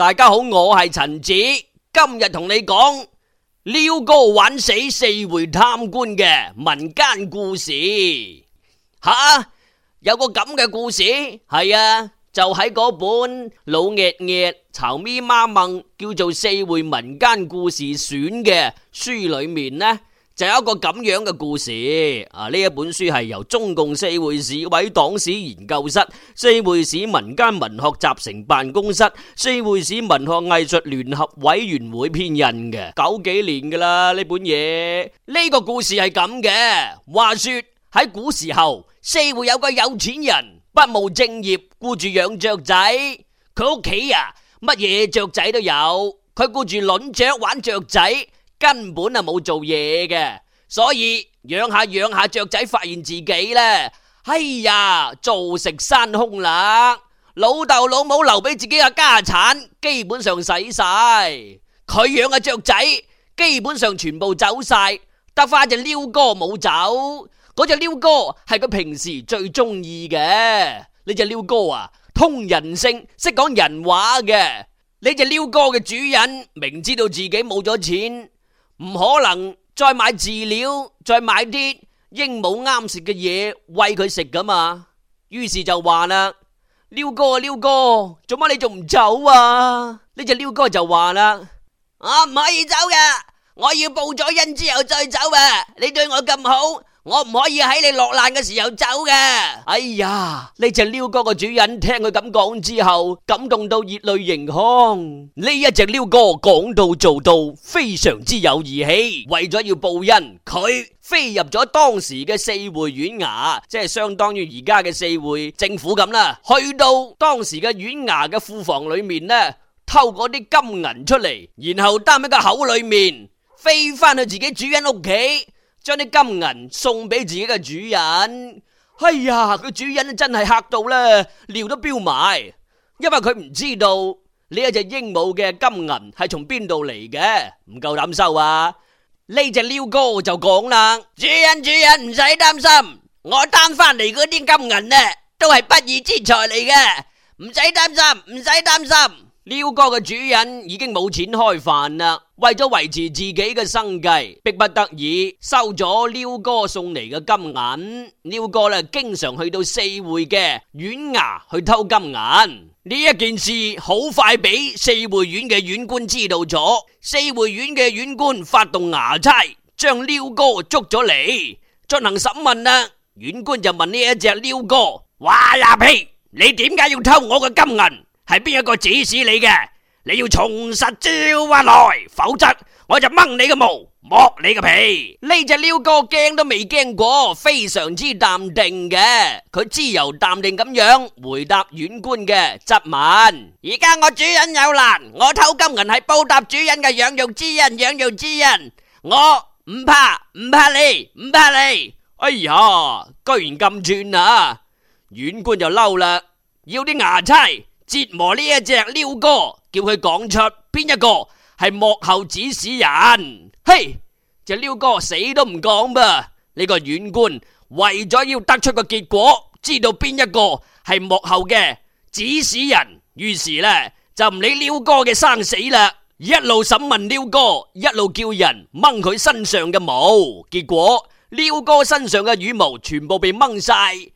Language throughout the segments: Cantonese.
大家好，我係陳子，今日同你講鷯哥玩死四會貪官嘅民間故事。吓，有個咁嘅故事，係啊，就喺嗰本《老鴨鴨巢咪媽孟》叫做《四會民間故事選》嘅書裏面呢。就有一個咁樣嘅故事啊！呢一本書係由中共四會市委黨史研究室、四會市民間文學集成辦公室、四會市文學藝術聯合委員會編印嘅，九幾年噶啦呢本嘢。呢個故事係咁嘅，話說喺古時候，四會有個有錢人，不務正業，顧住養雀仔。佢屋企啊，乜嘢雀仔都有，佢顧住卵雀玩雀仔。根本係冇做嘢嘅，所以養下養下雀仔，發現自己呢，哎呀，坐食山空啦！老豆老母留俾自己嘅家產，基本上使晒。佢養嘅雀仔，基本上全部走晒。得返隻鷯哥冇走，嗰隻鷯哥係佢平時最中意嘅。呢隻鷯哥啊，通人性，識講人話嘅。呢隻鷯哥嘅主人明知道自己冇咗錢。唔可能再買飼料，再買啲鸚鵡啱食嘅嘢餵佢食噶嘛。於是就話啦，鷯哥啊，鷯哥，做乜你仲唔走啊？呢隻鷯哥就話啦，我唔可以走噶，我要報咗恩之後再走啊！你對我咁好。我唔可以喺你落難嘅時候走㗎。哎呀，呢隻鷯哥嘅主人聽佢咁講之後，感動到熱淚盈眶。呢一隻鷯哥講到做到，非常之有義氣。為咗要報恩，佢飛入咗當時嘅四會縣衙，即係相當於而家嘅四會政府咁啦。去到當時嘅縣衙嘅庫房裏面呢，偷嗰啲金銀出嚟，然後擔喺個口裏面，飛翻去自己主人屋企。將啲金銀送俾自己嘅主人，哎呀，佢主人真係吓到啦，尿都飆埋，因為佢唔知道呢一隻鸚鵡嘅金銀係從邊度嚟嘅，唔夠膽收啊！呢隻鷯哥就講啦：主人，主人唔使擔心，我擔翻嚟嗰啲金銀呢，都係不義之財嚟嘅，唔使擔心，唔使擔心。鷯哥嘅主人已經冇錢開飯啦。為咗維持自己嘅生計，迫不得已收咗鷯哥送嚟嘅金銀。鷯哥咧經常去到四會嘅縣衙去偷金銀。呢一件事好快俾四會縣嘅縣官知道咗，四會縣嘅縣官發動衙差將鷯哥捉咗嚟進行審問啦。縣官就問呢一隻鷯哥：話呀屁，你點解要偷我嘅金銀？係邊一個指使你嘅？你要重實招啊來，否則我就掹你個毛，剝你個皮。呢隻鷯哥驚都未驚過，非常之淡定嘅。佢自由淡定咁樣回答縣官嘅質問。而家我主人有難，我偷金銀係報答主人嘅養育之恩。養育之恩，我唔怕，唔怕你，唔怕你。哎呀，居然咁串啊！縣官就嬲啦，要啲衙差折磨呢一隻鷯哥。叫佢講出邊一個係幕後指使人，嘿！隻鷯哥死都唔講噃。呢個縣官為咗要得出個結果，知道邊一個係幕後嘅指使人，於是呢就唔理鷯哥嘅生死啦，一路審問鷯哥，一路叫人掹佢身上嘅毛。結果鷯哥身上嘅羽毛全部被掹晒，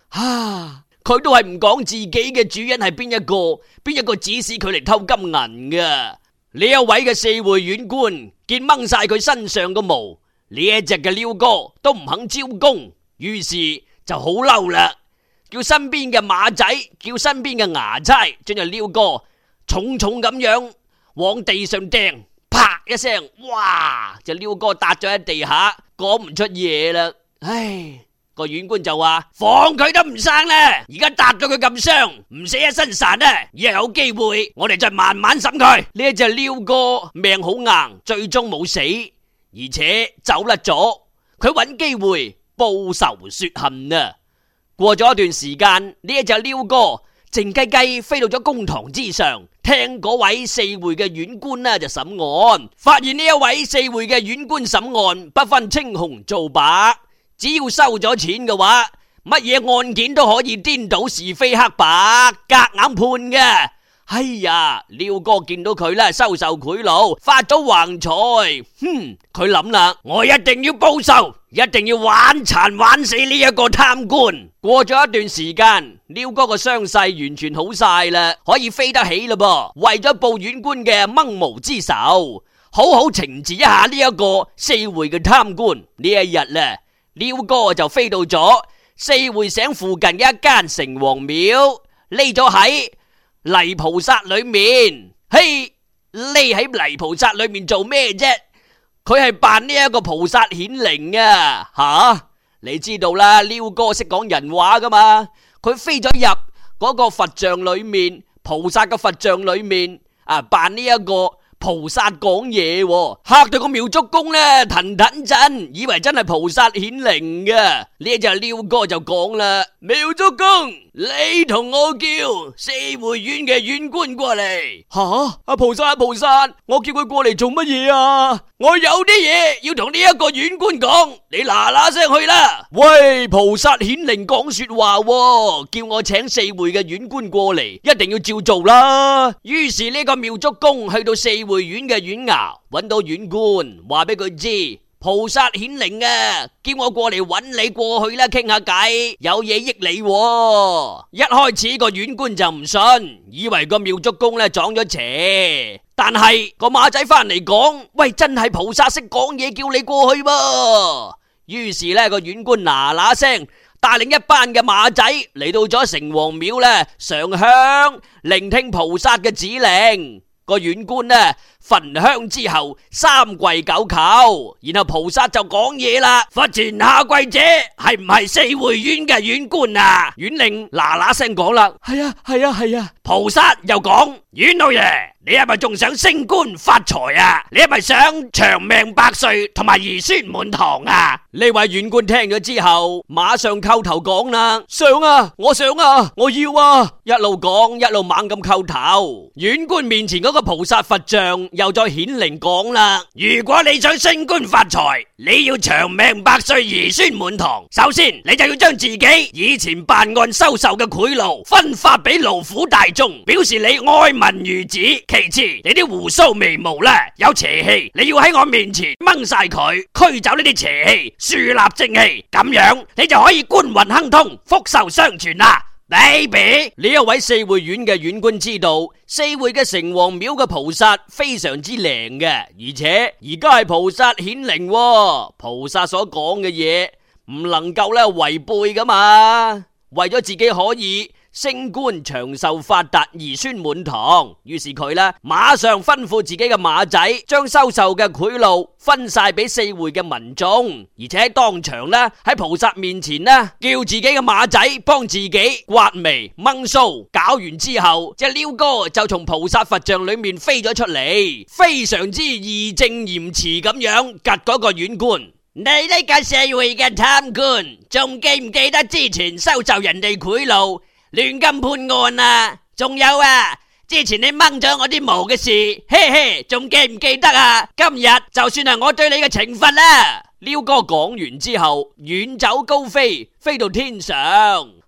哈！佢都係唔講自己嘅主人係邊一個，邊一個指使佢嚟偷金銀㗎。呢一位嘅四會縣官見掹晒佢身上嘅毛，呢一隻嘅鷯哥都唔肯招供，於是就好嬲啦，叫身邊嘅馬仔，叫身邊嘅牙差將隻鷯哥重重咁樣往地上掟，啪一聲，哇！隻鷯哥搭咗喺地下，講唔出嘢啦，唉。個縣官就話：放佢都唔生啦，而家打到佢咁傷，唔死一身殘啊！以後有機會，我哋再慢慢審佢。呢一隻鷯哥命好硬，最終冇死，而且走甩咗。佢揾機會報仇雪恨啊！過咗一段時間，呢一隻鷯哥靜雞雞飛到咗公堂之上，聽嗰位四會嘅縣官呢就審案，發現呢一位四會嘅縣官審案不分青紅皂白。只要收咗錢嘅話，乜嘢案件都可以顛倒是非黑白，夾硬判嘅。哎呀，鷯哥見到佢咧，收受賄賂，發咗橫財，哼，佢諗啦，我一定要報仇，一定要玩殘玩死呢一個貪官。過咗一段時間，鷯哥個傷勢完全好晒啦，可以飛得起啦。噃為咗報縣官嘅掹毛之仇，好好懲治一下呢一個四會嘅貪官，呢一日啦。鷯哥就飛到咗四會省附近嘅一間城隍廟，匿咗喺泥菩薩裏面。嘿，匿喺泥菩薩裏面做咩啫？佢係扮呢一個菩薩顯靈啊！吓、啊，你知道啦，鷯哥識講人話噶嘛？佢飛咗入嗰個佛像裏面，菩薩嘅佛像裏面啊，扮呢、這、一個。菩薩講嘢，吓到個廟祝公咧，騰騰震，以為真係菩薩顯靈嘅。呢隻鷯哥就講啦：廟祝公，你同我叫四會縣嘅縣官過嚟。吓，阿菩薩，阿菩薩，我叫佢過嚟做乜嘢啊？我有啲嘢要同呢一個縣官講，你嗱嗱聲去啦。喂，菩薩顯靈講說話，叫我請四會嘅縣官過嚟，一定要照做啦。於是呢個廟祝公去到四會。去縣嘅縣衙揾到縣官，話俾佢知菩薩顯靈啊！叫我過嚟揾你過去啦，傾下偈有嘢益你。一開始個縣官就唔信，以為個廟祝公呢撞咗邪。但係個馬仔返嚟講：，喂，真係菩薩識講嘢，叫你過去噃。於是呢個縣官嗱嗱聲，帶領一班嘅馬仔嚟到咗城隍廟啦，上香聆聽菩薩嘅指令。個縣官呢。焚香之後，三跪九叩，然後菩薩就講嘢啦。佛前下跪者係唔係四會縣嘅縣官啊？縣令嗱嗱聲講啦，係啊係啊係啊！啊啊菩薩又講，縣老爺，你係咪仲想升官發財啊？你係咪想長命百歲同埋兒孫滿堂啊？呢位縣官聽咗之後，馬上叩頭講啦，想啊，我想啊，我要啊，一路講一路猛咁叩頭。縣官面前嗰個菩薩佛像，又再顯靈講啦！如果你想升官發財，你要長命百歲、兒孫滿堂。首先，你就要將自己以前辦案收受嘅賄賂分發俾勞苦大眾，表示你愛民如子。其次，你啲鬍鬚眉毛呢，有邪氣，你要喺我面前掹晒佢，驅走呢啲邪氣，樹立正氣。咁樣你就可以官運亨通、福壽相傳啦。baby，呢一位四會縣嘅縣官知道四會嘅城隍廟嘅菩薩非常之靈嘅，而且而家係菩薩顯靈，哦，菩薩所講嘅嘢唔能夠咧違背噶嘛，為咗自己可以。升官、長壽、發達、兒孫滿堂。於是佢呢馬上吩咐自己嘅馬仔將收受嘅賄賂分晒俾四會嘅民眾，而且當場呢，喺菩薩面前呢，叫自己嘅馬仔幫自己刮眉、掹鬚。搞完之後，隻鷯哥就從菩薩佛像裏面飛咗出嚟，非常之義正言辭咁樣激嗰個縣官：你呢個社會嘅貪官，仲記唔記得之前收受人哋賄賂？亂金判案啊！仲有啊，之前你掹咗我啲毛嘅事，嘿嘿，仲記唔記得啊？今日就算係我對你嘅懲罰啦！鷯哥講完之後，遠走高飛，飛到天上。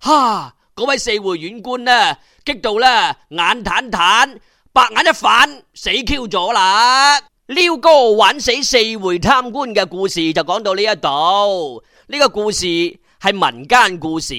哈、啊！嗰位四會縣官呢、啊，激到啦，眼坦坦，白眼一反，死 Q 咗啦！鷯哥玩死四會貪官嘅故事就講到呢一度，呢、這個故事。係民間故事，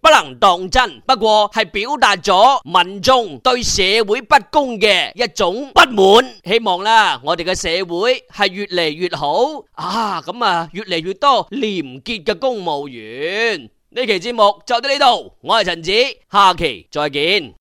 不能當真。不過係表達咗民眾對社會不公嘅一種不滿。希望啦，我哋嘅社會係越嚟越好啊！咁啊，越嚟越多廉潔嘅公務員。呢期節目就到呢度，我係陳子，下期再見。